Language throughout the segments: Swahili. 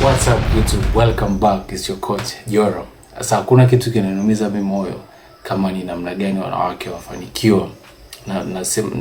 What's up YouTube? Welcome back. It's your coach joro Sasa hakuna kitu kinanumiza mimi moyo kama ni namna gani wanawake wafanikiwa, na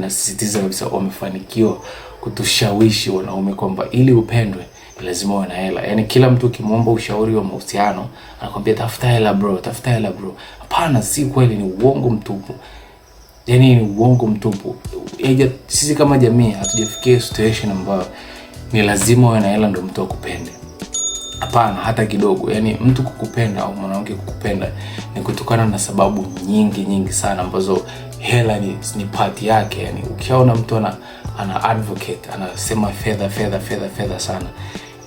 nasisitiza kabisa wamefanikiwa kutushawishi wanaume kwamba ili upendwe lazima uwe na hela. Yaani kila mtu ukimwomba ushauri wa mahusiano anakwambia tafuta hela bro, tafuta hela bro. Hapana, si kweli, ni uongo mtupu. Yaani ni uongo mtupu. Sisi kama jamii hatujafikia situation ambayo ni lazima uwe na hela ndio mtu akupende. Hapana, hata kidogo. Yaani mtu kukupenda au mwanamke kukupenda ni kutokana na sababu nyingi nyingi sana ambazo hela ni, ni part yake. Yaani ukiona mtu ana, ana advocate anasema fedha fedha fedha fedha sana,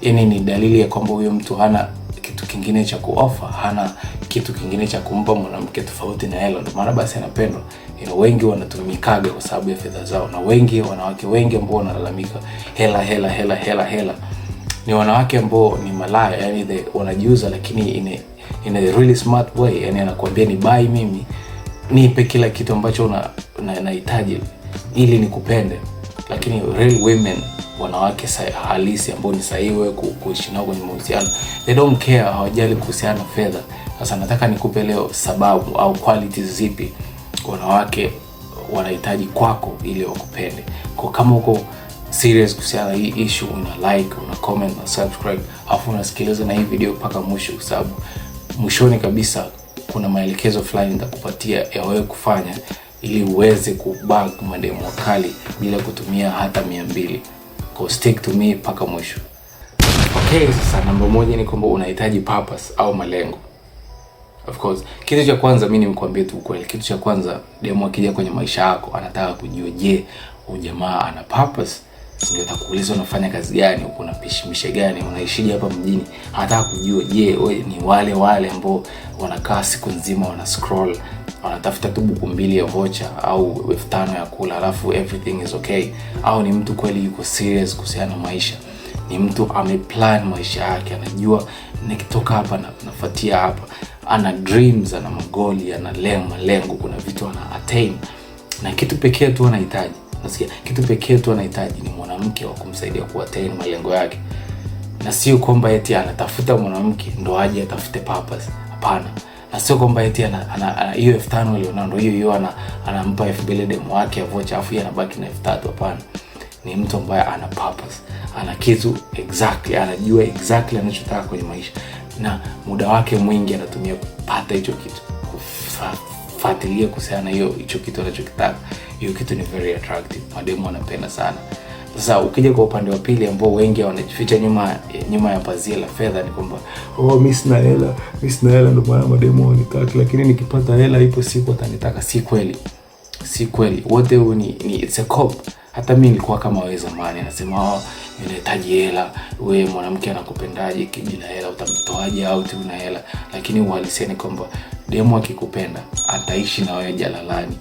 yaani ni dalili ya kwamba huyo mtu hana kitu kingine cha kuofa, hana kitu kingine cha kumpa mwanamke tofauti na hela. Ndio maana basi anapendwa. know, wengi wanatumikaga kwa sababu ya fedha zao, na wengi wanawake wengi ambao wanalalamika hela hela hela hela hela ni wanawake ambao ni malaya, yani the, wanajiuza lakini in a, in a really smart way, yani anakuambia ni buy mimi nipe kila kitu ambacho nahitaji na, na ili nikupende. Lakini real women, wanawake halisi ambao ni sahihi wewe kuishi nao kwenye mahusiano, they don't care, hawajali kuhusiana fedha. Sasa nataka nikupe leo sababu au qualities zipi wanawake wanahitaji kwako ili wakupende kwa kama uko serious kuhusiana hii issue, una like, una comment una subscribe, afu unasikiliza na hii video mpaka mwisho, kwa sababu mwishoni kabisa kuna maelekezo fulani nitakupatia ya wewe kufanya ili uweze kubag mademu wakali bila kutumia hata mia mbili. Kwa stick to me mpaka mwisho. Okay, sasa namba moja ni kwamba unahitaji purpose au malengo. Of course, kitu cha kwanza mimi nimekuambia tu ukweli. Kitu cha kwanza demo akija kwenye maisha yako anataka kujua, je, huyu jamaa ana purpose ndio atakuuliza unafanya kazi gani huko, unapishimisha gani, unaishije hapa mjini. Hata kujua je, wewe ni wale wale ambao wanakaa siku nzima wana scroll, wanatafuta tu buku mbili ya vocha au elfu tano ya kula, alafu everything is okay? Au ni mtu kweli yuko serious kuhusiana na maisha? Ni mtu ameplan maisha yake, anajua nikitoka hapa na nafuatia hapa, ana dreams, ana magoli, ana lengo, malengo, kuna vitu ana attain, na kitu pekee tu anahitaji Nasikia kitu pekee tu anahitaji ni mwanamke wa kumsaidia kuattain malengo yake, na sio kwamba eti anatafuta mwanamke ndo aje atafute purpose. Hapana, na sio kwamba eti ana hiyo elfu tano alionao ndo hiyo hiyo anampa elfu mbili demu wake avocha afu yeye anabaki na elfu tatu. Hapana, ni mtu ambaye ana purpose, ana kitu exactly, anajua exactly anachotaka kwenye maisha, na muda wake mwingi anatumia kupata hicho kitu, kufuatilia kuhusiana na hiyo hicho kitu anachokitaka hiyo kitu ni very attractive, mademu wanapenda sana. Sasa ukija kwa upande wa pili ambao wengi wanajificha nyuma nyuma ya pazia la fedha, ni kwamba oh, mimi sina hela, mimi sina hela, ndio maana mademu wanitaki, lakini nikipata hela ipo siku atanitaka. Si kweli, si kweli, wote huu ni, ni it's a cop. Hata mimi nilikuwa kama wewe zamani, nasema oh, ninahitaji hela. Wewe mwanamke anakupendaje kibila hela? Utamtoaje au tu una hela? Lakini uhalisia ni kwamba demu akikupenda ataishi na wewe jalalani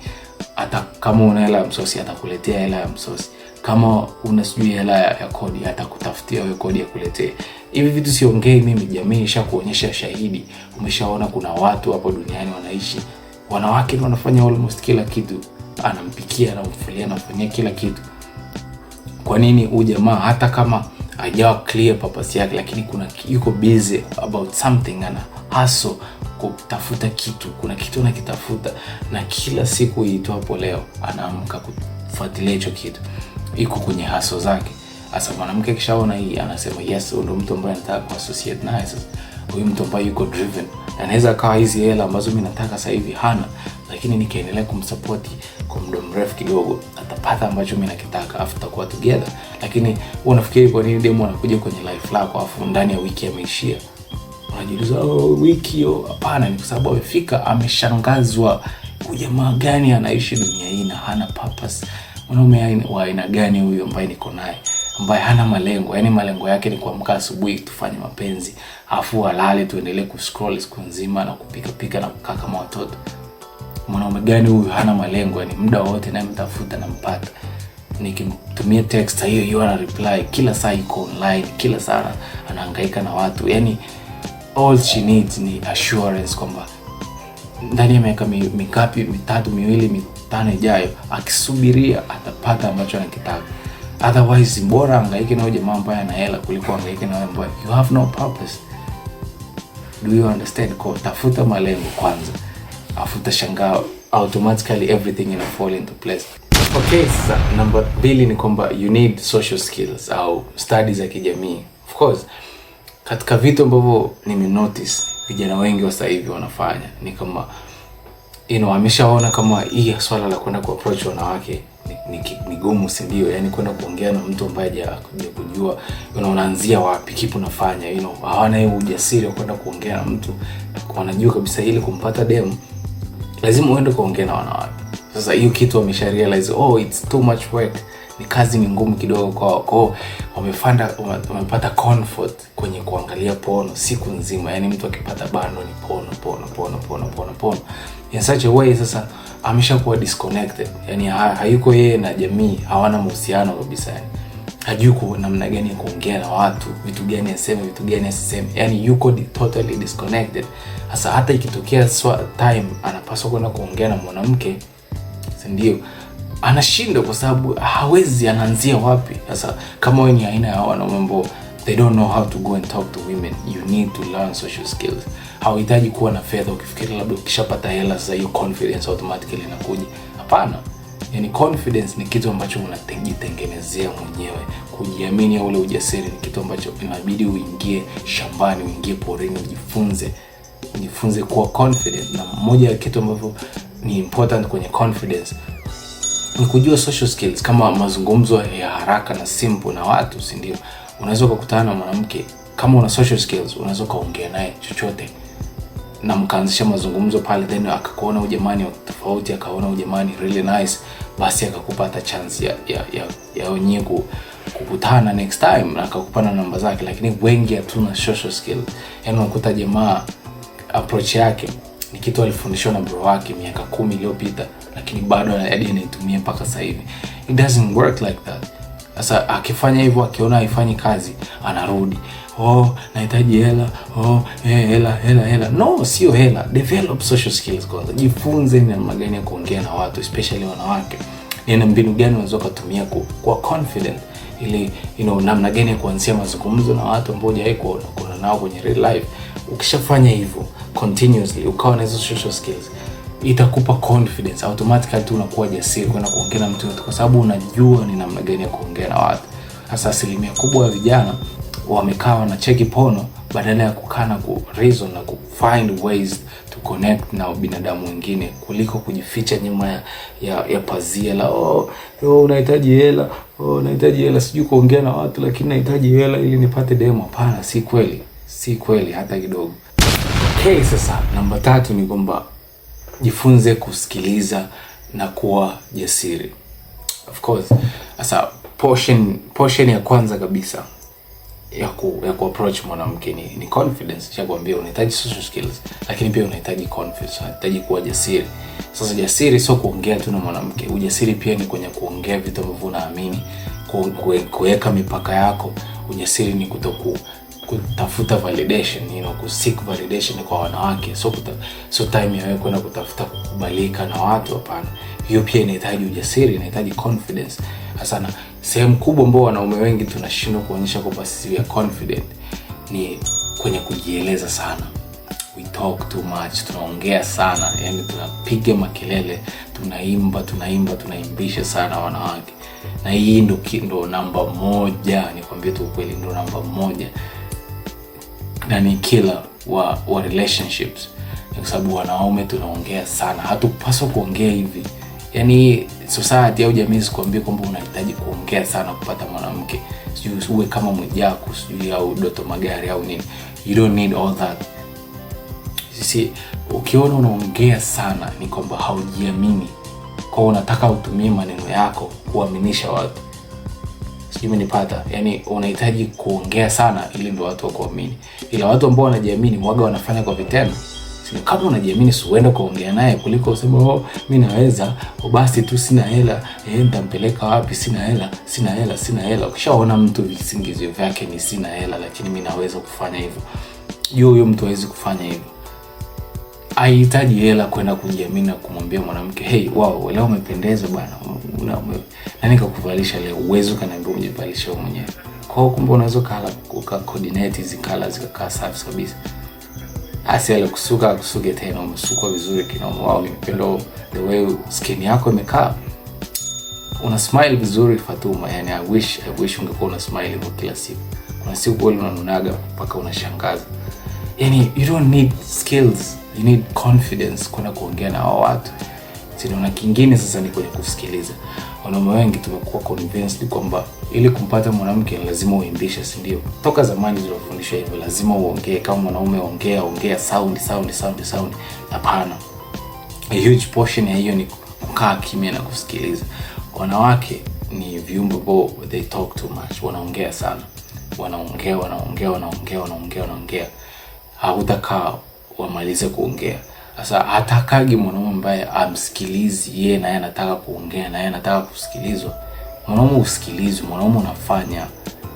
hata kama una hela ya msosi atakuletea hela ya msosi, kama una sijui hela ya kodi atakutafutia wewe kodi ya kuletea Hivi vitu siongei mimi, jamii ishakuonyesha shahidi. Umeshaona kuna watu hapo duniani wanaishi, wanawake ndio wanafanya almost kila kitu, anampikia, anamfulia, anamfanyia kila kitu. Kwa nini huyu jamaa hata kama hajawa clear purpose yake, lakini kuna yuko busy about something, ana hustle, kutafuta kitu, kuna kitu anakitafuta, na kila siku iitwapo leo anaamka kufuatilia hicho kitu, iko kwenye haso zake. Sasa mwanamke akishaona hii anasema yes, huyu ndo mtu ambaye anataka kuassociate naye. Sasa huyu mtu ambaye yuko driven anaweza akawa hizi hela ambazo mimi nataka hivi hana, lakini nikiendelea kumsupport kwa muda mrefu kidogo atapata ambacho mimi nakitaka, afu tutakuwa together. Lakini unafikiri kwa nini demo anakuja kwenye life lako afu ndani ya wiki ameishia? unajiuliza oh, wiki hiyo hapana, ni kwa sababu amefika, ameshangazwa ujamaa gani anaishi dunia hii na hana purpose. Mwanaume wa aina gani huyu ambaye niko naye ambaye hana malengo, yaani malengo yake ni kuamka asubuhi tufanye mapenzi, afu alale tuendelee kuscroll siku nzima na kupika pika na kukaa kama watoto. Mwanaume gani huyu? Hana malengo, Yaani muda wote naye mtafuta na mpata, nikimtumia text hiyo hiyo ana reply, kila saa iko online, kila saa anahangaika na watu yaani all she needs ni assurance kwamba ndani ya miaka mikapi mitatu miwili mitano ijayo, akisubiria atapata ambacho anakitaka. Otherwise bora angaike na jamaa ambaye anahela kuliko angaike na ambaye you have no purpose. Do you understand? Kwa tafuta malengo kwanza, afuta shangaa, automatically everything ina fall into place. Okay, sasa namba mbili ni kwamba you need social skills au studies za kijamii of course katika vitu ambavyo nimenotice vijana wengi wa hivi wanafanya ni kama you kama hii swala la kwenda ku approach wanawake ni, ni, ni gumu, si ndio? Yani kwenda kuongea na mtu ambaye hajakuja kujua you unaanzia wapi, kipi unafanya, you know, hawana hiyo ujasiri wa kwenda kuongea na mtu. Wanajua kabisa ili kumpata demu lazima uende kuongea na wanawake. Sasa hiyo kitu wamesha realize, oh it's too much work ni kazi ni ngumu kidogo kwao, kwao wamefanda wamepata comfort kwenye kuangalia pono siku nzima, yani mtu akipata bando ni pono pono pono pono pono pono in such a way, sasa ameshakuwa disconnected, yani hayuko yeye na jamii, hawana mahusiano kabisa, yani hajui kwa namna gani ya kuongea na watu, vitu gani aseme, vitu gani asiseme, yani yuko di, totally disconnected. Sasa hata ikitokea time anapaswa kwenda kuongea na mwanamke, si anashindwa kwa sababu hawezi, anaanzia wapi? Sasa kama wewe ni aina ya wanaume ambao they don't know how to go and talk to women, you need to learn social skills. Hauhitaji kuwa na fedha ukifikiri labda ukishapata hela sasa hiyo confidence automatically inakuja. Hapana, yani confidence ni kitu ambacho unajitengenezea mwenyewe. Kujiamini au ule ujasiri ni kitu ambacho inabidi uingie shambani, uingie porini, ujifunze, ujifunze kuwa confident. Na moja ya kitu ambavyo ni important kwenye confidence ni kujua social skills kama mazungumzo ya haraka na simple na watu, si ndio? Unaweza ukakutana na mwanamke kama una social skills, unaweza ukaongea naye chochote na mkaanzisha mazungumzo pale, then akakuona ujamani wa tofauti, akaona ujamani really nice, basi akakupa hata chance ya ya ya, ya wenyewe kukutana next time, na akakupa na namba zake. Lakini wengi hatuna social skills, yaani unakuta jamaa approach yake ni kitu alifundishwa na bro wake miaka kumi iliyopita lakini bado hadi anaitumia mpaka sasa hivi. It doesn't work like that. Sasa akifanya hivyo, akiona haifanyi kazi, anarudi oh, nahitaji hela oh, hey, eh, hela hela hela. No, sio hela. Develop social skills kwanza, jifunze ni namna gani ya kuongea na watu, especially wanawake, ni mbinu gani unaweza kutumia kuwa confident ili you know, namna gani ya kuanzia mazungumzo na watu ambao hujawahi kuona kuna nao kwenye real life. Ukishafanya hivyo continuously, ukawa na hizo social skills itakupa confidence automatically tu unakuwa jasiri kwenda kuongea na mtu yote, kwa sababu unajua ni namna gani ya kuongea na watu. hasa asilimia kubwa ya vijana wamekaa cheki pono badala ya kukaa na ku reason na ku find ways to connect na binadamu wengine kuliko kujificha nyuma ya, ya, ya pazia la oh, oh unahitaji hela oh, unahitaji hela sijui kuongea na watu lakini nahitaji hela ili nipate demo. Hapana, si kweli, si kweli hata kidogo. Okay, sasa namba tatu ni kwamba jifunze kusikiliza na kuwa jasiri. Of course sasa portion, portion ya kwanza kabisa ya ku, ya ku approach mwanamke ni, ni confidence. Nishakwambia unahitaji social skills, lakini pia unahitaji confidence, unahitaji kuwa jasiri. Sasa jasiri sio kuongea tu na mwanamke, ujasiri pia ni kwenye kuongea vitu ambavyo unaamini, kuweka mipaka yako. Ujasiri ni kutoku kutafuta validation you know, kuseek validation kwa wanawake, so kuta, so time ya wewe kwenda kutafuta kukubalika na watu, hapana. Hiyo pia inahitaji ujasiri, inahitaji confidence. Hasa sehemu kubwa ambao wanaume wengi tunashindwa kuonyesha kwamba sisi we are confident ni kwenye kujieleza sana. We talk too much, tunaongea sana, yani tunapiga makelele, tunaimba, tunaimba, tunaimbisha sana wanawake, na hii ndo ndo namba moja, nikwambie tu ukweli, ndo namba moja ni kila wa, wa relationships kwa sababu wanaume tunaongea sana, hatupaswa kuongea hivi. Yani society au jamii zikuambia kwamba unahitaji kuongea sana kupata mwanamke, sijui uwe kama Mwijaku sijui au Doto Magari au nini. You don't need all that. Sisi ukiona unaongea sana ni kwamba haujiamini, kwa unataka utumie maneno yako kuaminisha watu sijui umenipata. Yani unahitaji kuongea sana ili ndio watu wakuamini, ila watu ambao wanajiamini mwaga wanafanya kwa vitendo. kama unajiamini, siuenda kuongea naye kuliko useme oh, mi naweza oh, basi tu, sina hela eh, nitampeleka wapi? Sina hela, sina hela, sina hela. Ukishaona mtu visingizio vyake ni sina hela, lakini mi naweza kufanya hivyo, juu huyo mtu hawezi kufanya hivyo haihitaji hela kwenda kujiamini na kumwambia mwanamke hey, wow, leo umependeza bwana, nani kakuvalisha leo? Uwezo kanaambia ujivalisha mwenyewe. Kwa hiyo kumbe unaweza kala kuka coordinate hizi kala zikakaa safi kabisa, asi ale kusuka akusuke tena, umesukwa vizuri kinoma, wao nimependa the way skin yako imekaa una smile vizuri Fatuma, yani I wish I wish ungekuwa una smile kwa kila siku. Kuna siku kweli unanunaga mpaka unashangaza, yani you don't need skills you need confidence kwenda kuongea na hao watu. Sinaona kingine sasa ni kwenye kusikiliza. Wanaume wengi tumekuwa convinced kwamba ili kumpata mwanamke lazima uimbishe, si ndio? Toka zamani tulifundishwa hivyo, lazima uongee kama mwanaume, ongea ongea, sound sound sound sound. Hapana, a huge portion ya hiyo ni kukaa kimya na kusikiliza. Wanawake ni viumbe bo they talk too much, wanaongea sana, wanaongea wanaongea wanaongea wanaongea wanaongea, hautakaa wamalize kuongea. Sasa hatakagi mwanaume ambaye amsikilizi yeye, naye anataka kuongea, naye anataka kusikilizwa. Mwanaume usikilizi mwanaume unafanya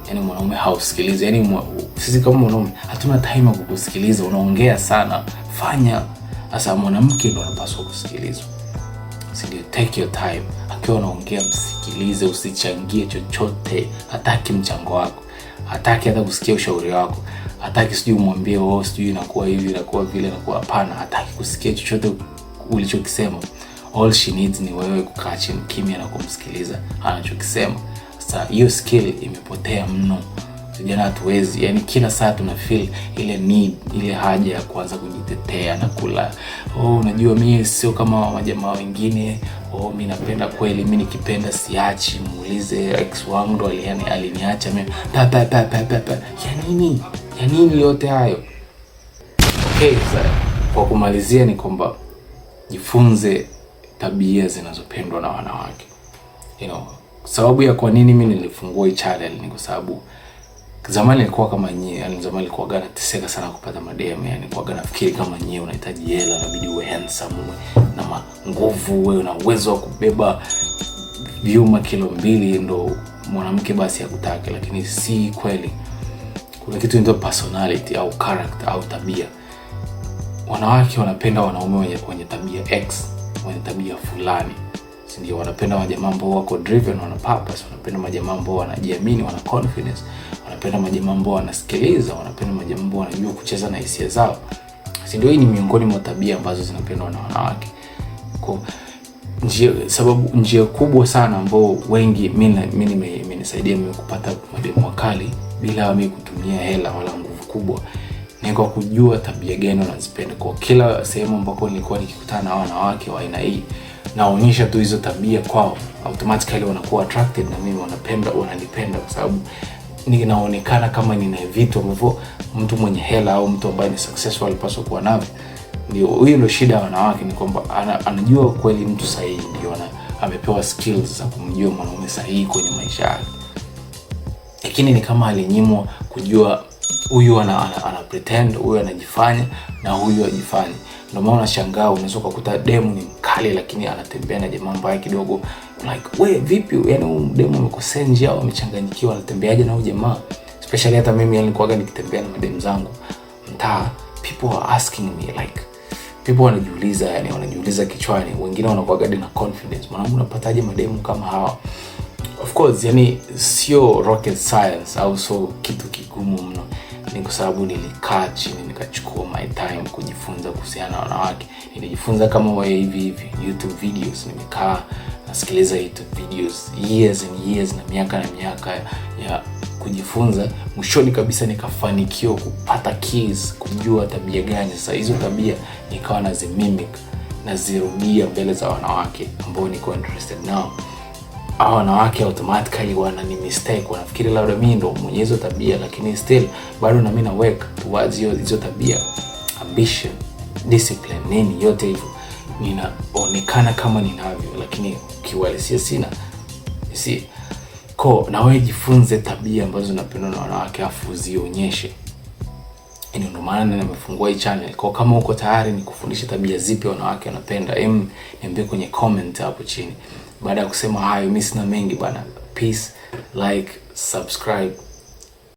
yani, mwanaume hausikilizi yani mwa, sisi kama mwanaume hatuna time ya kukusikiliza, unaongea sana, fanya. Sasa mwanamke ndo anapaswa kusikilizwa, si ndio? Take your time, akiwa unaongea msikilize, usichangie chochote. Hataki mchango wako, hataki hata kusikia ushauri wako hataki sijui umwambie oh, sijui inakuwa hivi inakuwa vile inakuwa hapana, hataki kusikia chochote ulichokisema. All she needs ni wewe kukaa chini kimya na kumsikiliza anachokisema. Sasa hiyo skill imepotea mno vijana, hatuwezi yani, kila saa tuna feel ile need ile haja ya kuanza kujitetea na kula oh, unajua mimi sio kama majamaa wengine oh, mi napenda kweli, mi nikipenda siachi, muulize ex wangu ndo aliniacha mimi ta ya nini? ya nini yote hayo? Okay, kwa kumalizia ni kwamba jifunze tabia zinazopendwa na wanawake. You know, sababu ya kwa nini mimi nilifungua hii channel ni kwa sababu zamani nilikuwa kama nyie, yani zamani nilikuwa gana teseka sana kupata madem, yani kwa gana fikiri kama nyie unahitaji hela, inabidi uwe handsome, uwe na nguvu, wewe una uwezo wa kubeba vyuma kilo mbili ndo mwanamke basi akutake, lakini si kweli kuna kitu inaitwa personality au character au tabia. Wanawake wanapenda wanaume wenye, wenye tabia X, wenye tabia fulani, sindio Wanapenda majamaa ambao wako driven, wana purpose, wanapenda majamaa ambao wanajiamini, wana confidence, wanapenda majamaa ambao wanasikiliza, wanapenda majamaa ambao wanajua kucheza na hisia zao, sindio Hii ni miongoni mwa tabia ambazo zinapendwa na wanawake kwa njia, sababu njia kubwa sana ambao wengi mimi mimi imenisaidia mimi kupata mademu wakali bila mimi kutumia hela wala nguvu kubwa, ni kwa kujua tabia gani wanazipenda. Kwa kila sehemu ambako nilikuwa nikikutana na wanawake wa aina hii, naonyesha tu hizo tabia kwao, automatically wanakuwa attracted na mimi, wanapenda, wananipenda kwa sababu ninaonekana kama nina vitu ambavyo mtu mwenye hela au mtu ambaye ni successful alipaswa kuwa navyo. Ndio hiyo ndio shida ya wanawake, ni kwamba anajua kweli mtu sahihi, ndio amepewa skills za kumjua mwanaume sahihi kwenye maisha yake lakini ni kama alinyimwa kujua huyu ana, ana, ana pretend huyu anajifanya na huyu ajifanye. Ndio maana unashangaa unaweza kukuta demu ni mkali, lakini anatembea na jamaa mbaya kidogo, like we vipi, yani demu amekosea njia au amechanganyikiwa, anatembeaje na huyu jamaa? Especially hata mimi yani nilikuwaga nikitembea na mademu zangu mtaa, people are asking me like people wanajiuliza, yani wanajiuliza kichwani, wengine wanakuwaga na confidence, mwanangu, unapataje mademu kama hawa? course, yani sio rocket science au sio kitu kigumu mno. Ni kwa sababu nilikaa chini nikachukua my time kujifunza kuhusiana na wanawake. Nilijifunza kama wewe hivi hivi YouTube videos, nimekaa nasikiliza YouTube videos years and years na miaka na miaka ya kujifunza. Mwishoni kabisa nikafanikiwa kupata keys, kujua tabia gani. Sasa hizo tabia nikawa nazimimic, nazirudia mbele za wanawake ambao niko interested nao hawa wanawake automatically wana ni mistake, wanafikiri labda mimi ndo mwenye hizo tabia, lakini still bado na mimi na work towards hiyo hizo tabia, ambition, discipline, nini yote hivyo ninaonekana kama ninavyo, lakini kiuhalisia sina. Si ko na wewe jifunze tabia ambazo unapendwa na wanawake afu zionyeshe. Yaani ndo maana nimefungua hii channel. Kwa kama uko tayari nikufundishe tabia zipi wanawake wanapenda, em niambie kwenye comment hapo chini. Baada ya kusema hayo, mimi sina mengi bwana. Peace, like, subscribe.